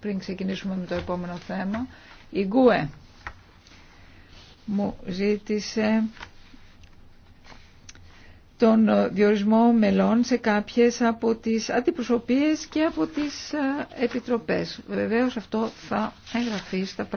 πριν ξεκινήσουμε με το επόμενο θέμα. Η Γκουε μου ζήτησε τον διορισμό μελών σε κάποιες από τις αντιπροσωπείες και από τις ε, επιτροπές. Βεβαίως αυτό θα εγγραφεί στα πράγματα.